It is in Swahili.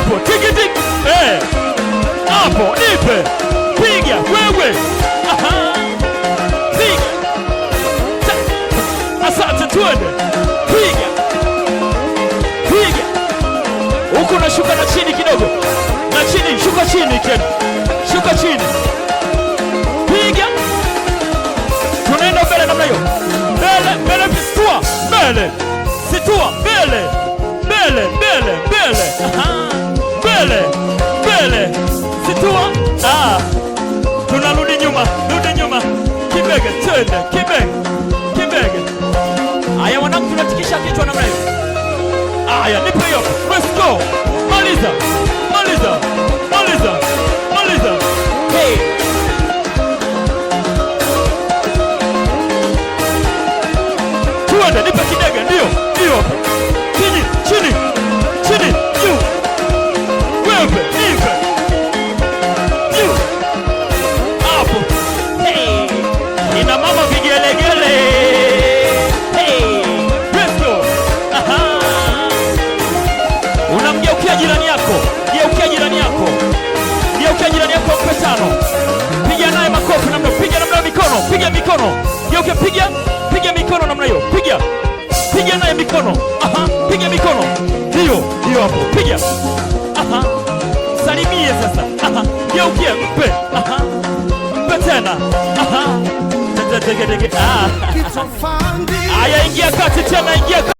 hapo tiki tiki, hey. Eh, hapo, nipe piga wewe, aha, asante, twende, piga piga, huku na shuka na chini kidogo, na chini, shuka chini kidogo, shuka chini, piga, tunaenda mbele namna hiyo, mbele mbele, situa mbele, situa mbele, mbele mbele mbele Ah, tunarudi nyuma, rudi nyuma. Kibega twende, kibega, kibega. Aya wanangu, tunatikisha kichwa namna hiyo. Aya, nipe hiyo. Let's go. Maliza, maliza, maliza, maliza. Hey. Tuende, nipe kidega, ndio, ndio. Geuke, piga piga mikono namna hiyo, piga piga naye mikono. Aha, piga mikono hiyo hiyo hapo, piga. Aha, salimie sasa. Aha, geukie, mpe. Aha, mpe tena. Aha, tegedege. Ah. Aya, ingia kati tena, ingia